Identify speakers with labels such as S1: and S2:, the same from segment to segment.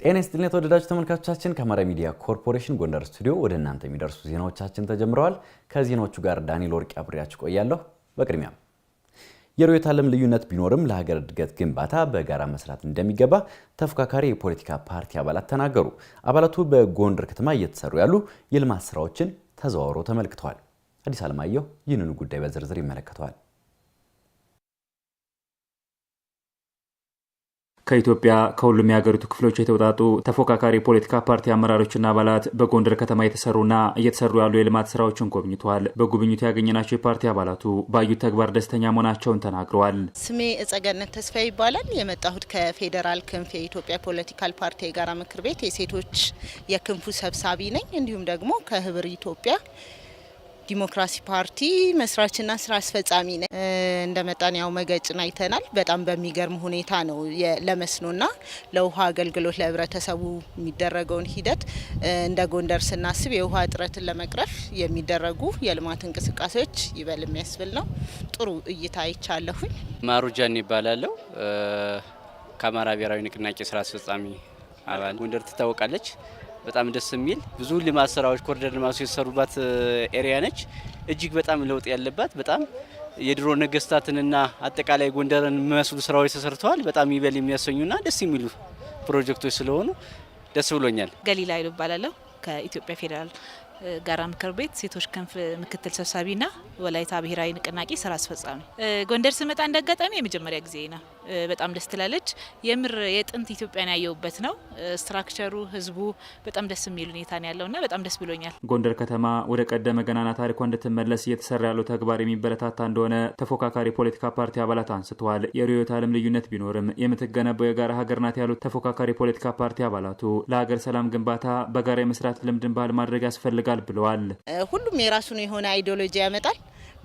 S1: ጤና ይስጥልኝ የተወደዳችሁ ተመልካቾቻችን፣ ከአማራ ሚዲያ ኮርፖሬሽን ጎንደር ስቱዲዮ ወደ እናንተ የሚደርሱ ዜናዎቻችን ተጀምረዋል። ከዜናዎቹ ጋር ዳንኤል ወርቅ አብሬያችሁ ቆያለሁ። በቅድሚያም የርዕዮተ ዓለም ልዩነት ቢኖርም ለሀገር እድገት ግንባታ በጋራ መስራት እንደሚገባ ተፎካካሪ የፖለቲካ ፓርቲ አባላት ተናገሩ። አባላቱ በጎንደር ከተማ እየተሰሩ ያሉ የልማት ስራዎችን ተዘዋውሮ ተመልክተዋል። አዲስ አለማየሁ ይህንኑ ጉዳይ በዝርዝር ይመለከተዋል።
S2: ከኢትዮጵያ ከሁሉም የሀገሪቱ ክፍሎች የተውጣጡ ተፎካካሪ የፖለቲካ ፓርቲ አመራሮችና አባላት በጎንደር ከተማ የተሰሩና እየተሰሩ ያሉ የልማት ስራዎችን ጎብኝተዋል። በጉብኝቱ ያገኘናቸው የፓርቲ አባላቱ ባዩት ተግባር ደስተኛ መሆናቸውን ተናግረዋል።
S3: ስሜ እጸገነት ተስፋ ይባላል። የመጣሁት ከፌዴራል ክንፍ የኢትዮጵያ ፖለቲካል ፓርቲ የጋራ ምክር ቤት የሴቶች የክንፉ ሰብሳቢ ነኝ። እንዲሁም ደግሞ ከህብር ኢትዮጵያ ዲሞክራሲ ፓርቲ መስራችና ስራ አስፈጻሚ ነ እንደመጣን ያው መገጭን አይተናል። በጣም በሚገርም ሁኔታ ነው ለመስኖና ለውሃ አገልግሎት ለህብረተሰቡ የሚደረገውን ሂደት እንደ ጎንደር ስናስብ የውሃ እጥረትን ለመቅረፍ የሚደረጉ የልማት እንቅስቃሴዎች ይበል የሚያስብል ነው። ጥሩ እይታ አይቻለሁኝ።
S4: ማሩጃን ይባላለሁ። ከአማራ ብሔራዊ ንቅናቄ ስራ አስፈጻሚ አባል ጎንደር ትታወቃለች። በጣም ደስ የሚል ብዙ ልማት ስራዎች ኮሪደር ልማት የተሰሩባት ኤሪያ ነች። እጅግ በጣም ለውጥ ያለባት በጣም የድሮ ነገስታትንና አጠቃላይ ጎንደርን የሚመስሉ ስራዎች ተሰርተዋል። በጣም ይበል የሚያሰኙና ደስ የሚሉ ፕሮጀክቶች ስለሆኑ ደስ ብሎኛል።
S5: ገሊላ ይሉ እባላለሁ ከኢትዮጵያ ፌዴራል ጋራ ምክር ቤት ሴቶች ክንፍ ምክትል ሰብሳቢና ወላይታ ብሔራዊ ንቅናቄ ስራ አስፈጻሚ። ጎንደር ስመጣ እንዳጋጣሚ የመጀመሪያ ጊዜ ነው። በጣም ደስ ትላለች። የምር የጥንት ኢትዮጵያን ያየውበት ነው። ስትራክቸሩ፣ ህዝቡ በጣም ደስ የሚል ሁኔታ ነው ያለውና በጣም ደስ ብሎኛል።
S2: ጎንደር ከተማ ወደ ቀደመ ገናና ታሪኳ እንድትመለስ እየተሰራ ያለው ተግባር የሚበረታታ እንደሆነ ተፎካካሪ የፖለቲካ ፓርቲ አባላት አንስተዋል። የርዕዮተ ዓለም ልዩነት ቢኖርም የምትገነባው የጋራ ሀገር ናት ያሉት ተፎካካሪ የፖለቲካ ፓርቲ አባላቱ ለሀገር ሰላም ግንባታ በጋራ የመስራት ልምድን ባህል ማድረግ ያስፈልጋል ብለዋል።
S6: ሁሉም የራሱን የሆነ አይዲዮሎጂ ያመጣል።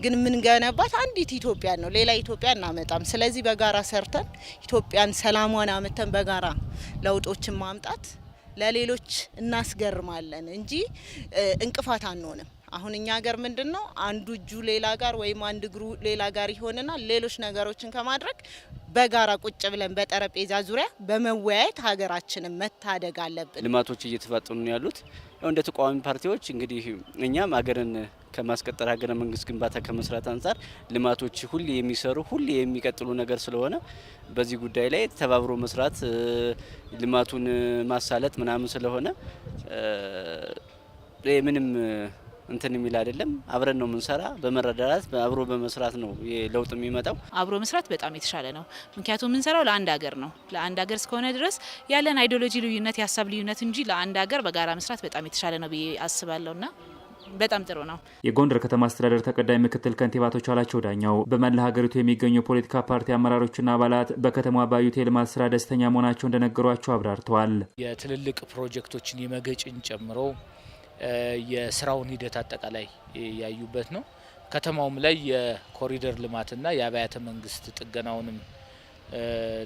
S6: ግን የምንገነባት አንዲት ኢትዮጵያን ነው። ሌላ ኢትዮጵያ እናመጣም። ስለዚህ በጋራ ሰርተን ኢትዮጵያን ሰላሟን አመተን በጋራ ለውጦችን ማምጣት ለሌሎች እናስገርማለን እንጂ እንቅፋት አንሆንም። አሁን እኛ ሀገር ምንድን ነው አንዱ እጁ ሌላ ጋር ወይም አንድ እግሩ ሌላ ጋር ይሆንና ሌሎች ነገሮችን ከማድረግ በጋራ ቁጭ ብለን በጠረጴዛ ዙሪያ በመወያየት ሀገራችንን መታደግ አለብን።
S4: ልማቶች እየተፋጠኑ ያሉት እንደ ተቃዋሚ ፓርቲዎች እንግዲህ እኛም ሀገርን ከማስቀጠር ሀገረ መንግስት ግንባታ ከመስራት አንጻር ልማቶች ሁሌ የሚሰሩ ሁሌ የሚቀጥሉ ነገር ስለሆነ በዚህ ጉዳይ ላይ ተባብሮ መስራት ልማቱን ማሳለጥ ምናምን ስለሆነ ምንም እንትን የሚል አይደለም። አብረን ነው የምንሰራ። በመረዳዳት አብሮ በመስራት ነው ለውጥ የሚመጣው።
S5: አብሮ መስራት በጣም የተሻለ ነው። ምክንያቱም የምንሰራው ለአንድ ሀገር ነው። ለአንድ ሀገር እስከሆነ ድረስ ያለን አይዲዮሎጂ ልዩነት፣ የሀሳብ ልዩነት እንጂ ለአንድ ሀገር በጋራ መስራት በጣም የተሻለ ነው ብዬ አስባለሁ ና በጣም ጥሩ ነው።
S2: የጎንደር ከተማ አስተዳደር ተቀዳሚ ምክትል ከንቲባ አላቸው ዳኛው በመላ ሀገሪቱ የሚገኙ የፖለቲካ ፓርቲ አመራሮችና አባላት በከተማ ባዩት የልማት ስራ ደስተኛ መሆናቸው እንደነገሯቸው አብራርተዋል።
S4: የትልልቅ ፕሮጀክቶችን የመገጭን ጨምሮ የስራውን ሂደት አጠቃላይ ያዩበት ነው። ከተማውም ላይ የኮሪደር ልማትና የአብያተ መንግስት ጥገናውንም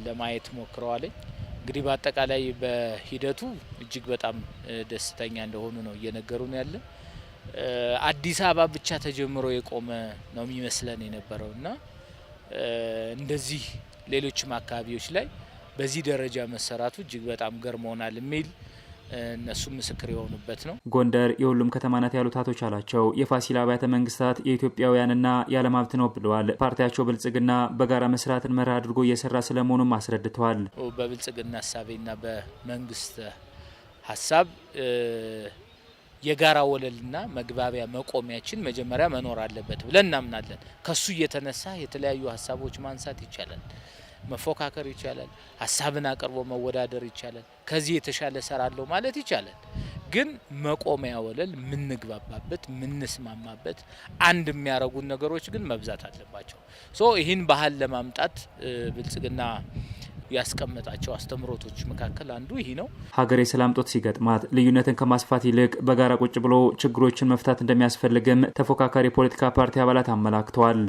S4: ለማየት ሞክረዋለኝ። እንግዲህ በአጠቃላይ በሂደቱ እጅግ በጣም ደስተኛ እንደሆኑ ነው እየነገሩን ያለን። አዲስ አበባ ብቻ ተጀምሮ የቆመ ነው የሚመስለን የነበረው እና እንደዚህ ሌሎችም አካባቢዎች ላይ በዚህ ደረጃ መሰራቱ እጅግ በጣም ገርሞናል የሚል እነሱም ምስክር የሆኑበት ነው።
S2: ጎንደር የሁሉም ከተማ ናት ያሉት አቶ ቻላቸው የፋሲል አብያተ መንግስታት የኢትዮጵያውያንና የዓለም ሀብት ነው ብለዋል። ፓርቲያቸው ብልጽግና በጋራ መስራትን መርህ አድርጎ እየሰራ ስለመሆኑም አስረድተዋል።
S4: በብልጽግና ሀሳቤና በመንግስት ሀሳብ የጋራ ወለልና መግባቢያ መቆሚያችን መጀመሪያ መኖር አለበት ብለን እናምናለን። ከሱ እየተነሳ የተለያዩ ሀሳቦች ማንሳት ይቻላል፣ መፎካከር ይቻላል፣ ሀሳብን አቅርቦ መወዳደር ይቻላል፣ ከዚህ የተሻለ ሰራለው ማለት ይቻላል። ግን መቆሚያ ወለል የምንግባባበት የምንስማማበት አንድ የሚያረጉን ነገሮች ግን መብዛት አለባቸው። ሶ ይህን ባህል ለማምጣት ብልጽግና ያስቀመጣቸው አስተምሮቶች መካከል አንዱ ይህ ነው።
S2: ሀገር የሰላም ጦት ሲገጥማት ልዩነትን ከማስፋት ይልቅ በጋራ ቁጭ ብሎ ችግሮችን መፍታት እንደሚያስፈልግም ተፎካካሪ የፖለቲካ ፓርቲ አባላት አመላክተዋል።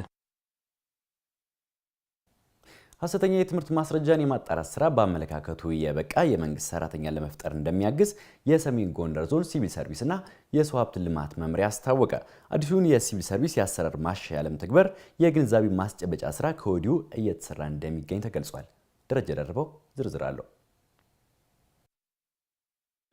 S1: ሀሰተኛ የትምህርት ማስረጃን የማጣራት ስራ በአመለካከቱ የበቃ የመንግስት ሰራተኛ ለመፍጠር እንደሚያግዝ የሰሜን ጎንደር ዞን ሲቪል ሰርቪስና የሰው ሀብት ልማት መምሪያ አስታወቀ። አዲሱን የሲቪል ሰርቪስ የአሰራር ማሻሻያ ለመተግበር የግንዛቤ ማስጨበጫ ስራ ከወዲሁ እየተሰራ እንደሚገኝ ተገልጿል። ደረጀ ደርበው ዝርዝር አለው።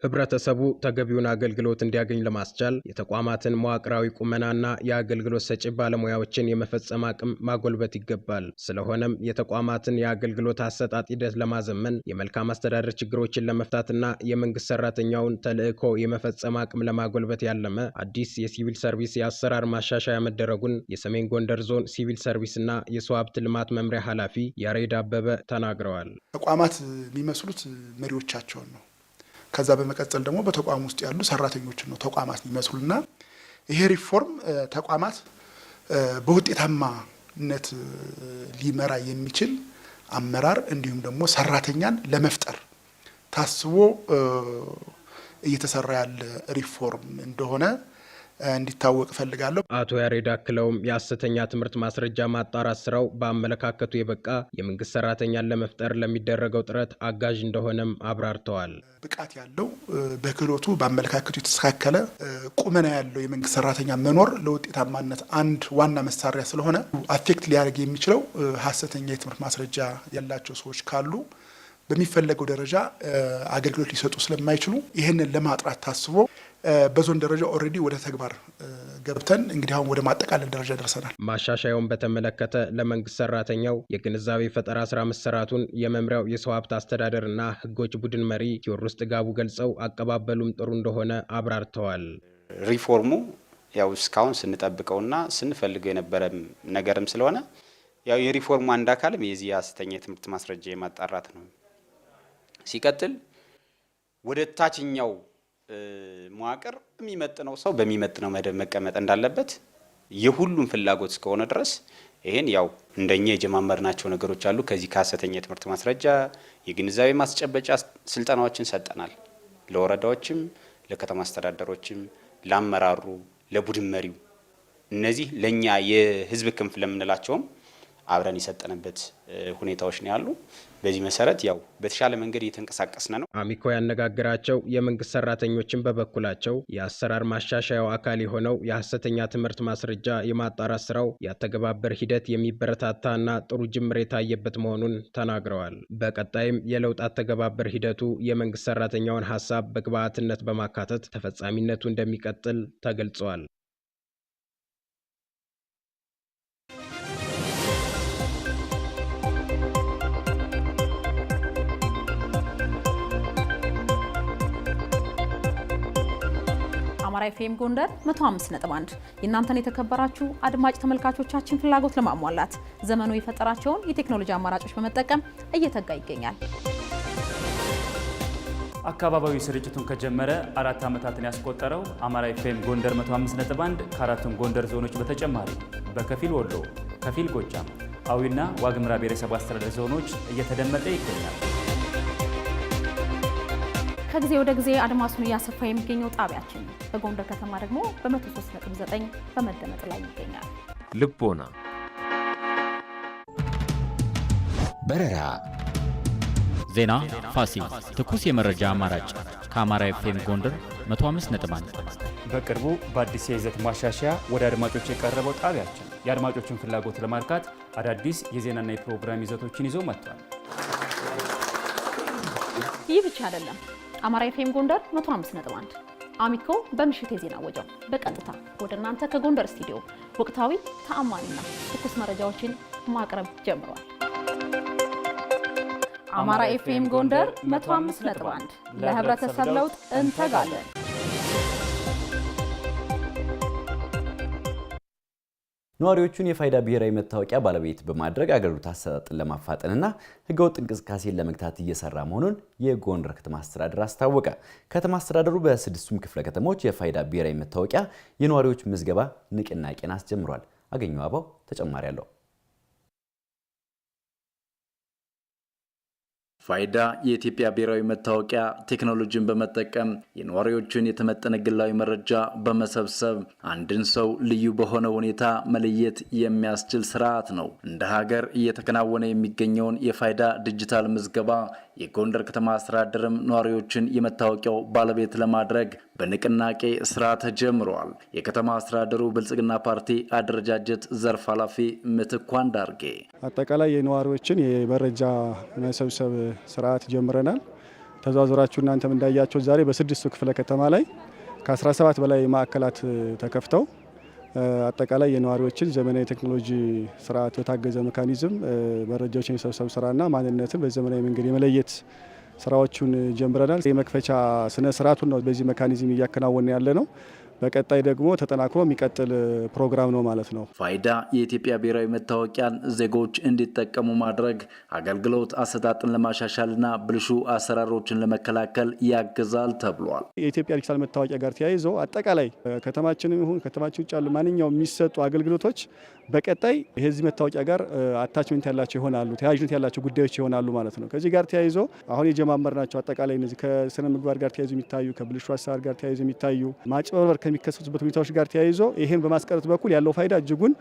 S7: ህብረተሰቡ ተገቢውን አገልግሎት እንዲያገኝ ለማስቻል የተቋማትን መዋቅራዊ ቁመናና የአገልግሎት ሰጪ ባለሙያዎችን የመፈጸም አቅም ማጎልበት ይገባል። ስለሆነም የተቋማትን የአገልግሎት አሰጣጥ ሂደት ለማዘመን የመልካም አስተዳደር ችግሮችን ለመፍታትና የመንግስት ሰራተኛውን ተልዕኮ የመፈጸም አቅም ለማጎልበት ያለመ አዲስ የሲቪል ሰርቪስ የአሰራር ማሻሻያ መደረጉን የሰሜን ጎንደር ዞን ሲቪል ሰርቪስና የሰው ሀብት ልማት መምሪያ ኃላፊ ያሬድ አበበ ተናግረዋል።
S8: ተቋማት የሚመስሉት መሪዎቻቸውን ነው ከዛ በመቀጠል ደግሞ በተቋም ውስጥ ያሉ ሰራተኞችን ነው ተቋማት ይመስሉና ይሄ ሪፎርም ተቋማት በውጤታማነት ሊመራ የሚችል አመራር እንዲሁም ደግሞ ሰራተኛን ለመፍጠር ታስቦ እየተሰራ ያለ ሪፎርም እንደሆነ እንዲታወቅ እፈልጋለሁ።
S1: አቶ ያሬድ አክለውም የሐሰተኛ ትምህርት ማስረጃ ማጣራት ስራው በአመለካከቱ የበቃ የመንግስት ሰራተኛን ለመፍጠር ለሚደረገው ጥረት አጋዥ እንደሆነም አብራርተዋል።
S8: ብቃት ያለው በክህሎቱ በአመለካከቱ የተስተካከለ ቁመና ያለው የመንግስት ሰራተኛ መኖር ለውጤታማነት አንድ ዋና መሳሪያ ስለሆነ አፌክት ሊያደርግ የሚችለው ሐሰተኛ የትምህርት ማስረጃ ያላቸው ሰዎች ካሉ በሚፈለገው ደረጃ አገልግሎት ሊሰጡ ስለማይችሉ ይህንን ለማጥራት ታስቦ በዞን ደረጃ ኦልሬዲ ወደ ተግባር ገብተን እንግዲህ አሁን ወደ ማጠቃለል ደረጃ ደርሰናል።
S2: ማሻሻያውን በተመለከተ ለመንግስት ሰራተኛው የግንዛቤ ፈጠራ ስራ መሰራቱን የመምሪያው የሰው ሀብት አስተዳደርና ህጎች ቡድን መሪ ቴዎድሮስ ጥጋቡ ገልጸው አቀባበሉም ጥሩ እንደሆነ አብራርተዋል።
S9: ሪፎርሙ ያው እስካሁን ስንጠብቀውና ስንፈልገው የነበረ ነገርም ስለሆነ ያው የሪፎርሙ አንድ አካልም የዚህ የሀሰተኛ የትምህርት ማስረጃ የማጣራት ነው። ሲቀጥል ወደ ታችኛው መዋቅር የሚመጥነው ሰው በሚመጥነው መደብ መቀመጥ እንዳለበት የሁሉም ፍላጎት እስከሆነ ድረስ ይህን ያው እንደኛ የጀማመርናቸው ነገሮች አሉ። ከዚህ ከሀሰተኛ የትምህርት ማስረጃ የግንዛቤ ማስጨበጫ ስልጠናዎችን ሰጠናል። ለወረዳዎችም፣ ለከተማ አስተዳደሮችም፣ ለአመራሩ፣ ለቡድን መሪው እነዚህ ለእኛ የህዝብ ክንፍ ለምንላቸውም አብረን የሰጠንበት ሁኔታዎች ነው ያሉ። በዚህ መሰረት ያው በተሻለ መንገድ እየተንቀሳቀስነ ነው።
S2: አሚኮ ያነጋገራቸው የመንግስት ሰራተኞችን በበኩላቸው የአሰራር ማሻሻያው አካል የሆነው የሐሰተኛ ትምህርት ማስረጃ የማጣራት ስራው ያተገባበር ሂደት የሚበረታታና ጥሩ ጅምር የታየበት መሆኑን ተናግረዋል። በቀጣይም የለውጥ አተገባበር ሂደቱ የመንግስት ሰራተኛውን ሀሳብ በግብዓትነት በማካተት ተፈጻሚነቱ እንደሚቀጥል ተገልጿል።
S10: ኤፍኤም ጎንደር 105.1 የእናንተን የተከበራችሁ አድማጭ ተመልካቾቻችን ፍላጎት ለማሟላት ዘመኑ የፈጠራቸውን የቴክኖሎጂ አማራጮች በመጠቀም እየተጋ ይገኛል።
S11: አካባቢያዊ ስርጭቱን ከጀመረ አራት ዓመታትን ያስቆጠረው አማራ ኤፍኤም ጎንደር 105.1 ከአራቱም ጎንደር ዞኖች በተጨማሪ በከፊል ወሎ፣ ከፊል ጎጃም፣ አዊና ዋግምራ ብሔረሰብ አስተዳደር ዞኖች እየተደመጠ ይገኛል።
S10: ከጊዜ ወደ ጊዜ አድማሱን እያሰፋ የሚገኘው ጣቢያችን በጎንደር ከተማ ደግሞ በ103.9 በመደመጥ ላይ ይገኛል።
S12: ልቦና፣ በረራ፣
S13: ዜና ፋሲል ትኩስ የመረጃ አማራጭ ከአማራ ኤፍኤም ጎንደር 105.1
S14: በቅርቡ በአዲስ የይዘት ማሻሻያ ወደ አድማጮች የቀረበው ጣቢያችን የአድማጮችን ፍላጎት ለማርካት አዳዲስ የዜናና የፕሮግራም ይዘቶችን ይዞ መጥቷል።
S10: ይህ ብቻ አይደለም። አማራ ኤፍኤም ጎንደር 105.1 አሚኮ በምሽት የዜና ወጀው በቀጥታ ወደ እናንተ ከጎንደር ስቱዲዮ ወቅታዊ ተአማኒና ትኩስ መረጃዎችን ማቅረብ ጀምሯል። አማራ ኤፍኤም ጎንደር 105.1 ለህብረተሰብ ለውጥ እንተጋለን።
S1: ነዋሪዎቹን የፋይዳ ብሔራዊ መታወቂያ ባለቤት በማድረግ አገልግሎት አሰጣጥን ለማፋጠንና ህገወጥ እንቅስቃሴን ለመግታት እየሰራ መሆኑን የጎንደር ከተማ አስተዳደር አስታወቀ። ከተማ አስተዳደሩ በስድስቱም ክፍለ ከተሞች የፋይዳ ብሔራዊ መታወቂያ የነዋሪዎች ምዝገባ ንቅናቄን አስጀምሯል። አገኘው አባው ተጨማሪ አለው።
S15: ፋይዳ የኢትዮጵያ ብሔራዊ መታወቂያ ቴክኖሎጂን በመጠቀም የነዋሪዎችን የተመጠነ ግላዊ መረጃ በመሰብሰብ አንድን ሰው ልዩ በሆነ ሁኔታ መለየት የሚያስችል ስርዓት ነው። እንደ ሀገር እየተከናወነ የሚገኘውን የፋይዳ ዲጂታል ምዝገባ የጎንደር ከተማ አስተዳደርም ነዋሪዎችን የመታወቂያው ባለቤት ለማድረግ በንቅናቄ ስራ ተጀምረዋል። የከተማ አስተዳደሩ ብልጽግና ፓርቲ አደረጃጀት ዘርፍ ኃላፊ ምትኳ ዳርጌ
S16: አጠቃላይ የነዋሪዎችን የመረጃ መሰብሰብ ስርዓት ጀምረናል። ተዟዙራችሁ እናንተም እንዳያቸው ዛሬ በስድስቱ ክፍለ ከተማ ላይ ከ17 በላይ ማዕከላት ተከፍተው አጠቃላይ የነዋሪዎችን ዘመናዊ ቴክኖሎጂ ስርዓት በታገዘ ሜካኒዝም መረጃዎችን የሰብሰብ ስራና ማንነትን በዘመናዊ መንገድ የመለየት ስራዎቹን ጀምረናል። የመክፈቻ ስነ ስርዓቱን ነው በዚህ መካኒዝም እያከናወነ ያለ ነው። በቀጣይ ደግሞ ተጠናክሮ የሚቀጥል ፕሮግራም ነው ማለት ነው።
S15: ፋይዳ የኢትዮጵያ ብሔራዊ መታወቂያን ዜጎች እንዲጠቀሙ ማድረግ አገልግሎት አሰጣጥን ለማሻሻልና ብልሹ አሰራሮችን ለመከላከል ያግዛል ተብሏል።
S16: የኢትዮጵያ ዲጂታል መታወቂያ ጋር ተያይዞ አጠቃላይ ከተማችንም ይሁን ከተማችን ውጭ ያሉ ማንኛውም የሚሰጡ አገልግሎቶች በቀጣይ የዚህ መታወቂያ ጋር አታችመንት ያላቸው ይሆናሉ፣ ተያያዥነት ያላቸው ጉዳዮች ይሆናሉ ማለት ነው። ከዚህ ጋር ተያይዞ አሁን የጀማመር ናቸው አጠቃላይ እነዚህ ከስነ ምግባር ጋር ተያይዞ የሚታዩ ከብልሹ አሰራር ጋር ተያይዞ የሚታዩ ማጭበርበር ከሚከሰቱበት ሁኔታዎች ጋር ተያይዞ ይህን በማስቀረት በኩል ያለው ፋይዳ እጅጉን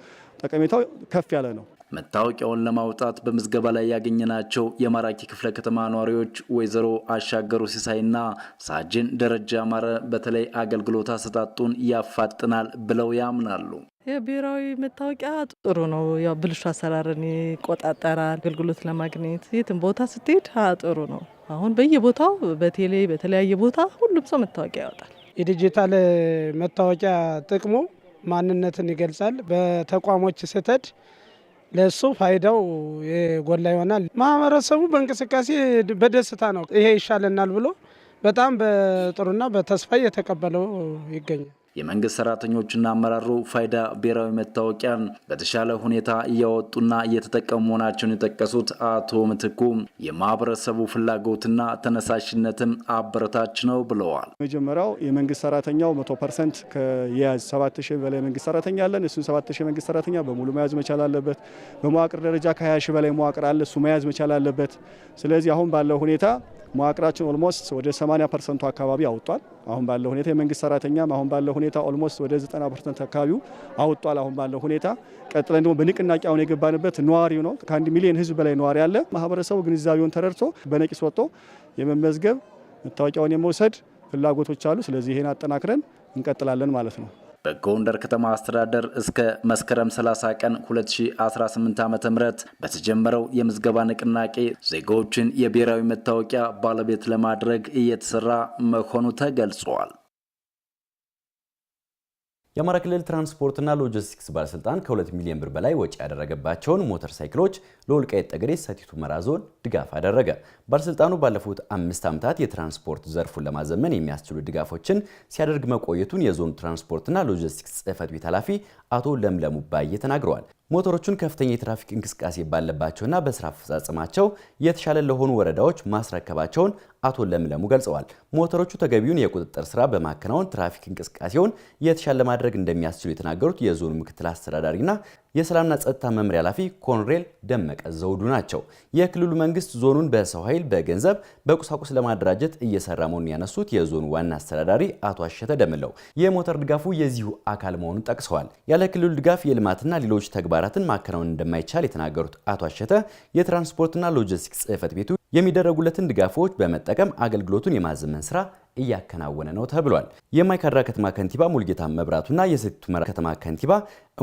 S16: ጠቀሜታው ከፍ ያለ ነው።
S15: መታወቂያውን ለማውጣት በምዝገባ ላይ ያገኘናቸው የማራኪ ክፍለ ከተማ ነዋሪዎች ወይዘሮ አሻገሩ ሲሳይና ሳጅን ደረጃ አማረ በተለይ አገልግሎት አሰጣጡን ያፋጥናል ብለው ያምናሉ።
S17: የብሔራዊ መታወቂያ ጥሩ ነው። ያው ብልሹ አሰራርን ይቆጣጠራል። አገልግሎት ለማግኘት የትም ቦታ ስትሄድ ጥሩ ነው። አሁን በየቦታው በቴሌ በተለያየ ቦታ ሁሉም ሰው መታወቂያ ያወጣል።
S18: የዲጂታል መታወቂያ ጥቅሙ ማንነትን ይገልጻል። በተቋሞች ስትሄድ ለእሱ ፋይዳው የጎላ ይሆናል። ማህበረሰቡ በእንቅስቃሴ በደስታ ነው ይሄ ይሻለናል ብሎ በጣም በጥሩና በተስፋ እየተቀበለው ይገኛል።
S15: የመንግስት ሰራተኞችና አመራሩ ፋይዳ ብሔራዊ መታወቂያን በተሻለ ሁኔታ እያወጡና እየተጠቀሙ መሆናቸውን የጠቀሱት አቶ ምትኩ የማህበረሰቡ ፍላጎትና ተነሳሽነትም አበረታች ነው ብለዋል።
S16: መጀመሪያው የመንግስት ሰራተኛው መቶ ፐርሰንት ከየያዝ ሰባት ሺህ በላይ መንግስት ሰራተኛ አለን። እሱን ሰባት ሺህ መንግስት ሰራተኛ በሙሉ መያዝ መቻል አለበት። በመዋቅር ደረጃ ከ20 ሺህ በላይ መዋቅር አለ። እሱ መያዝ መቻል አለበት። ስለዚህ አሁን ባለው ሁኔታ መዋቅራችን ኦልሞስት ወደ 80 ፐርሰንቱ አካባቢ አውጧል። አሁን ባለው ሁኔታ የመንግስት ሰራተኛም አሁን ባለው ሁኔታ ኦልሞስት ወደ 90 ፐርሰንት አካባቢው አውጧል። አሁን ባለው ሁኔታ ቀጥለን ደግሞ በንቅናቄ አሁን የገባንበት ነዋሪው ነው። ከአንድ ሚሊዮን ህዝብ በላይ ነዋሪ አለ። ማህበረሰቡ ግንዛቤውን ተረድቶ በነቂስ ወጥቶ የመመዝገብ መታወቂያውን የመውሰድ ፍላጎቶች አሉ። ስለዚህ ይሄን አጠናክረን እንቀጥላለን ማለት ነው።
S15: በጎንደር ከተማ አስተዳደር እስከ መስከረም 30 ቀን 2018 ዓ ም በተጀመረው የምዝገባ ንቅናቄ ዜጎችን የብሔራዊ መታወቂያ ባለቤት ለማድረግ እየተሰራ መሆኑ ተገልጿል።
S1: የአማራ ክልል ትራንስፖርትና ሎጂስቲክስ ባለስልጣን ከ2 ሚሊዮን ብር በላይ ወጪ ያደረገባቸውን ሞተር ሳይክሎች ለወልቃይት ጠገዴ ሰቲት ሁመራ ዞን ድጋፍ አደረገ። ባለስልጣኑ ባለፉት አምስት ዓመታት የትራንስፖርት ዘርፉን ለማዘመን የሚያስችሉ ድጋፎችን ሲያደርግ መቆየቱን የዞኑ ትራንስፖርትና ሎጂስቲክስ ጽህፈት ቤት ኃላፊ አቶ ለምለሙ ባዬ ተናግረዋል። ሞተሮቹን ከፍተኛ የትራፊክ እንቅስቃሴ ባለባቸውና በስራ አፈጻጸማቸው የተሻለ ለሆኑ ወረዳዎች ማስረከባቸውን አቶ ለምለሙ ገልጸዋል። ሞተሮቹ ተገቢውን የቁጥጥር ስራ በማከናወን ትራፊክ እንቅስቃሴውን የተሻለ ማድረግ እንደሚያስችሉ የተናገሩት የዞኑ ምክትል አስተዳዳሪና የሰላምና ጸጥታ መምሪያ ኃላፊ ኮንሬል ደመቀ ዘውዱ ናቸው። የክልሉ መንግስት ዞኑን በሰው ኃይል፣ በገንዘብ፣ በቁሳቁስ ለማደራጀት እየሰራ መሆኑን ያነሱት የዞኑ ዋና አስተዳዳሪ አቶ አሸተ ደምለው የሞተር ድጋፉ የዚሁ አካል መሆኑን ጠቅሰዋል። ያለ ክልሉ ድጋፍ የልማትና ሌሎች ተግባራትን ማከናወን እንደማይቻል የተናገሩት አቶ አሸተ የትራንስፖርትና ሎጂስቲክስ ጽህፈት ቤቱ የሚደረጉለትን ድጋፎች በመጠቀም አገልግሎቱን የማዘመን ስራ እያከናወነ ነው ተብሏል። የማይካድራ ከተማ ከንቲባ ሙልጌታ መብራቱና የሰቲት ሁመራ ከተማ ከንቲባ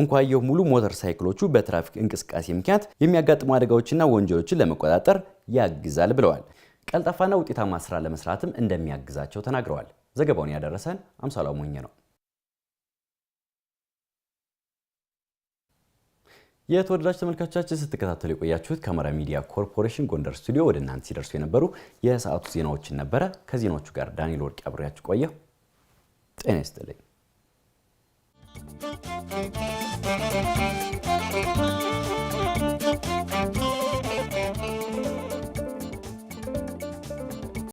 S1: እንኳየሁ ሙሉ ሞተር ሳይክሎቹ በትራፊክ እንቅስቃሴ ምክንያት የሚያጋጥሙ አደጋዎችና ወንጀሎችን ለመቆጣጠር ያግዛል ብለዋል። ቀልጣፋና ውጤታማ ስራ ለመስራትም እንደሚያግዛቸው ተናግረዋል። ዘገባውን ያደረሰን አምሳላ አሞኘ ነው። የተወደዳችሁ ተመልካቾቻችን ስትከታተሉ የቆያችሁት ከአማራ ሚዲያ ኮርፖሬሽን ጎንደር ስቱዲዮ ወደ እናንተ ሲደርሱ የነበሩ የሰዓቱ ዜናዎችን ነበረ። ከዜናዎቹ ጋር ዳንኤል ወርቅ አብሬያችሁ ቆየሁ። ጤና ይስጥልኝ።